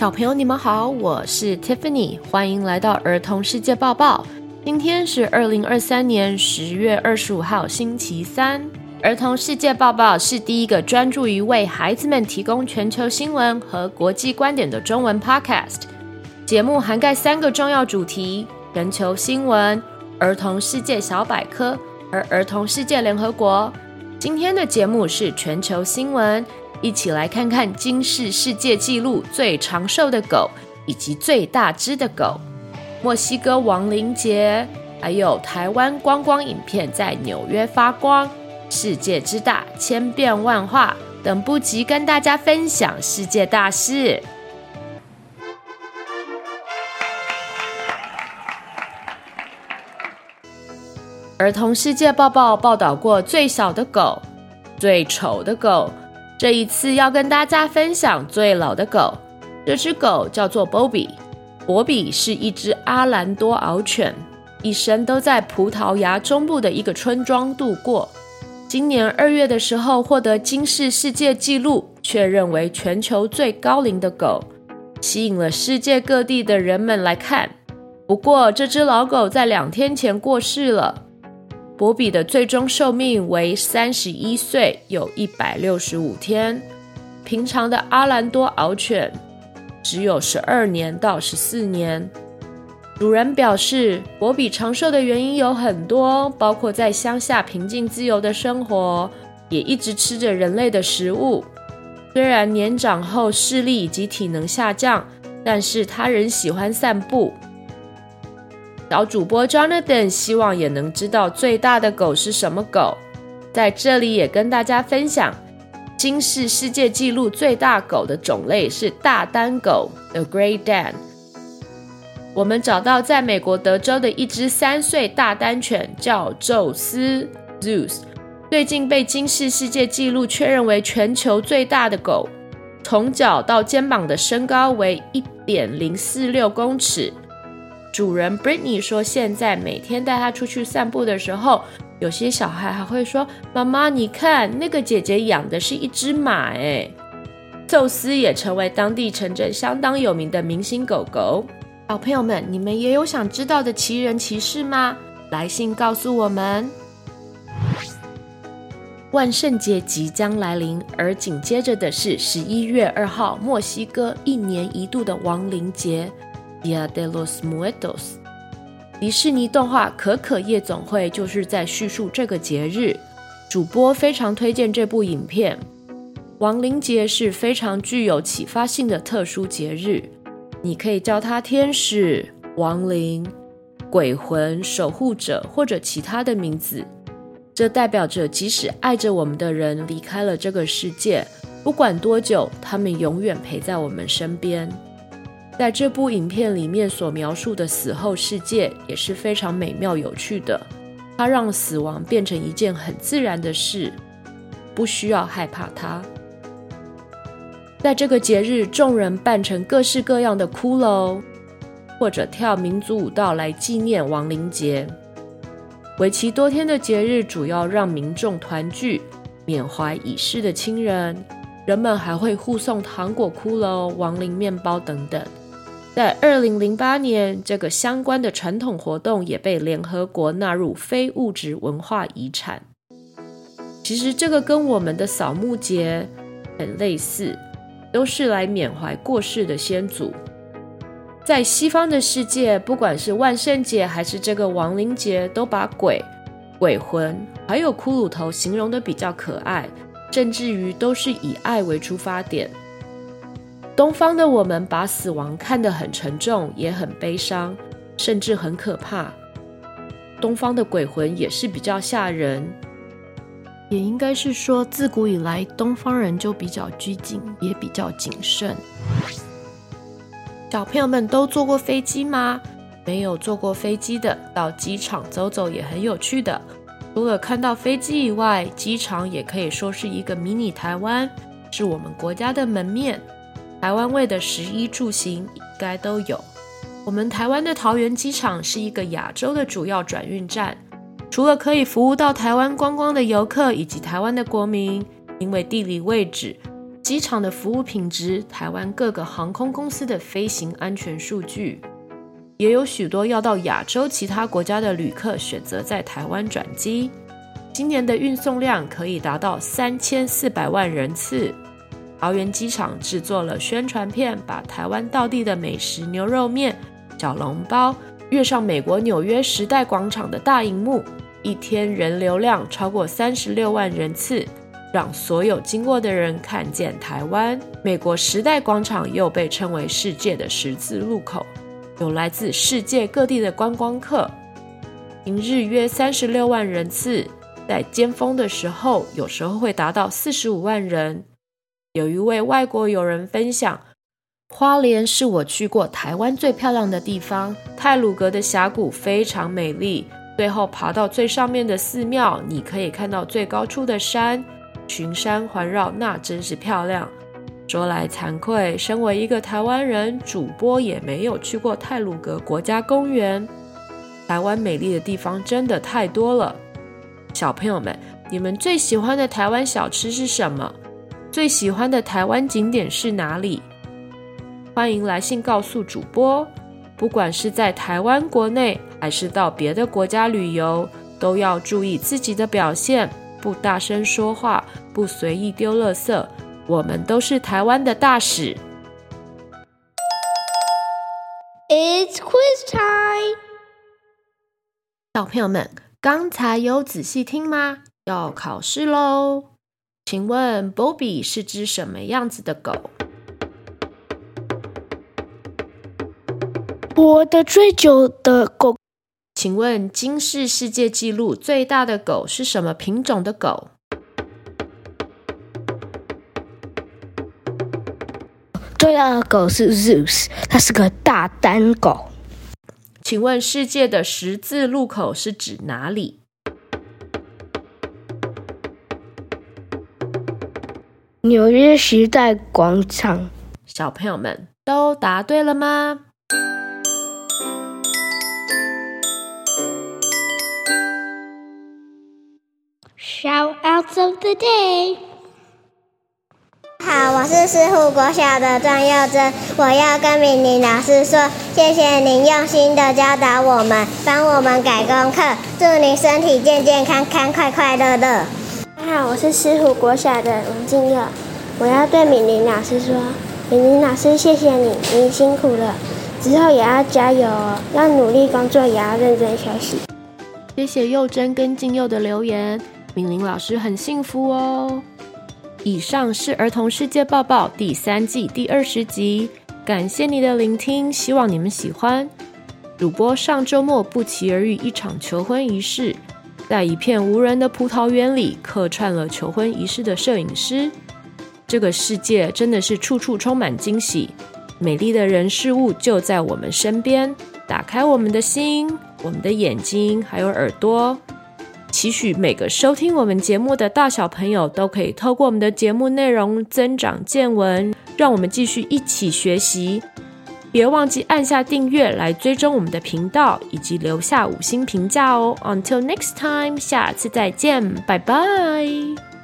小朋友，你們好，我是 Tiffany，歡迎來到兒童世界報報。今天是二零二三年十月二十五號，星期三。兒童世界報報是第一個專注於為孩子們提供全球新聞和國際觀點的中文 podcast。節目涵蓋三個重要主題：全球新聞、兒童世界小百科，和兒童世界聯合國。今天的節目是全球新聞。一起來看看金氏世界紀錄最長壽的狗，以及最大只的狗。墨西哥亡靈節，還有台灣觀光影片在紐約發光。世界之大，千變萬化，等不及跟大家分享世界大事。兒童世界報報報道過最小的狗，最醜的狗。這一次要跟大家分享最老的狗。這只狗叫做 Bobi，博比是一只阿蘭多獒犬，一生都在葡萄牙中部的一個村莊度過。今年二月的時候獲得金氏世界紀錄，確認為全球最高齡的狗，吸引了世界各地的人們來看。不過，這只老狗在兩天前過世了。博比的最終壽命為三十一歲，有一百六十五天。平常的阿蘭多獒犬只有十二年到十四年。主人表示，博比長壽的原因有很多，包括在鄉下平靜自由的生活，也一直吃着人類的食物。雖然年長後視力以及體能下降，但是他仍喜歡散步。小主播 Jonathan，希望也能知道最大的狗是什麼狗。在這裡也跟大家分享，今世世界紀錄最大狗的種類是大丹狗 （The Great d a n 我們找到在美國德州的一只三歲大丹犬，叫宙斯 （Zeus），最近被今世世界紀錄確認為全球最大的狗，從腳到肩膀的身高為一點零四六公尺。主人 Britney 說：“現在每天帶他出去散步的時候，有些小孩還會說：‘媽媽，你看那個姐姐養的是一隻馬耶。’哎，宙斯也成為當地城鎮相當有名的明星狗狗。好，朋友們，你們也有想知道的奇人奇事嗎？來信告訴我們。萬聖節即將來臨，而緊接着的是十一月二號墨西哥一年一度的亡靈節。” Dia de los Muertos，迪士尼動畫《可可夜總會》就是在敘述這個節日。主播非常推薦這部影片。亡靈節是非常具有啟發性的特殊節日，你可以叫它天使、亡靈、鬼魂、守護者或者其他的名字。這代表着即使愛着我們的人離開了這個世界，不管多久，他們永遠陪在我們身邊。在這部影片裡面所描述的死後世界也是非常美妙有趣的，它讓死亡變成一件很自然的事，不需要害怕它。在這個節日，眾人扮成各式各樣的骷髏，或者跳民族舞蹈來紀念亡靈節。為期多天的節日主要讓民眾團聚，緬懷已逝的親人，人們還會互送糖果、骷髏、亡靈麵包等等。在二零零八年，這個相關的傳統活動也被聯合國納入非物質文化遺產。其實，這個跟我們的掃墓節很類似，都是來緬懷過世的先祖。在西方的世界，不管是萬聖節還是這個亡靈節，都把鬼、鬼魂還有骷髏頭形容得比較可愛，甚至於都是以愛為出發點。東方的我們把死亡看得很沉重，也很悲傷，甚至很可怕。東方的鬼魂也是比較嚇人，也應該是說，自古以來東方人就比較拘謹，也比較謹慎。小朋友們都坐過飛機嗎？沒有坐過飛機的，到機場走走也很有趣的。除了看到飛機以外，機場也可以說是一個迷你台灣，是我們國家的門面。台灣味的食衣住行應該都有。我們台灣的桃園機場是一個亞洲的主要轉運站，除了可以服務到台灣觀光的遊客以及台灣的國民，因為地理位置、機場的服務品質、台灣各個航空公司的飛行安全數據，也有許多要到亞洲其他國家的旅客選擇在台灣轉機。今年的運送量可以達到三千四百萬人次。桃園機場製作了宣傳片，把台灣道地的美食牛肉麵、小籠包，躍上美國紐約時代廣場的大熒幕。一天人流量超過三十六萬人次，讓所有經過的人看見台灣。美國時代廣場又被稱為世界的十字路口，有來自世界各地的觀光客，平日約三十六萬人次，在尖峰的時候，有時候會達到四十五萬人。有一位外國友人分享，花蓮是我去過台灣最漂亮的地方。太魯閣的峽谷非常美麗，最後爬到最上面的寺廟，你可以看到最高處的山，群山環繞，那真是漂亮。說來慚愧，身為一個台灣人，主播也沒有去過太魯閣國家公園。台灣美麗的地方真的太多了。小朋友們，你們最喜歡的台灣小吃是什麼？最喜歡的台灣景點是哪裡？歡迎來信告訴主播。不管是在台灣國內，還是到別的國家旅遊，都要注意自己的表現，不大聲說話，不隨意丟垃圾。我們都是台灣的大使。It's quiz time！小朋友們，剛才有仔細聽嗎？要考試嘍！請問 Bobi 是隻什麼樣子的狗？活得最久的狗。請問金氏世界紀錄最大的狗是什麼品種的狗？最大的狗是 Zeus，它是個大丹狗。請問世界的十字路口是指哪裡？紐約時代廣場，小朋友們都答對了嗎？Shoutouts of the day，好，我是師傅國小的莊佑珍，我要跟明玲老師說，謝謝您用心地教導我們，幫我們改功課，祝您身體健健康康，快快樂樂。大家好，我是師虎國小的王靜佑，我要對敏玲老師說，敏玲老師謝謝你，您辛苦了，之後也要加油哦，要努力工作，也要認真休息。謝謝幼珍跟金佑的留言，敏玲老師很幸福哦。以上是兒童世界報報第三季第二十集，感謝你的聆聽，希望你們喜歡。主播上週末不期而遇一場求婚儀式。在一片無人的葡萄園裡，客串了求婚儀式的攝影師。這個世界真的是處處充滿驚喜，美麗的人事物就在我們身邊。打開我們的心，我們的眼睛，還有耳朵，期許每個收聽我們節目的大小朋友都可以透過我們的節目內容增長見聞。讓我們繼續一起學習。別忘記按下訂閱來追蹤我們的頻道，以及留下五星評價哦。Until next time，下次再見，拜拜。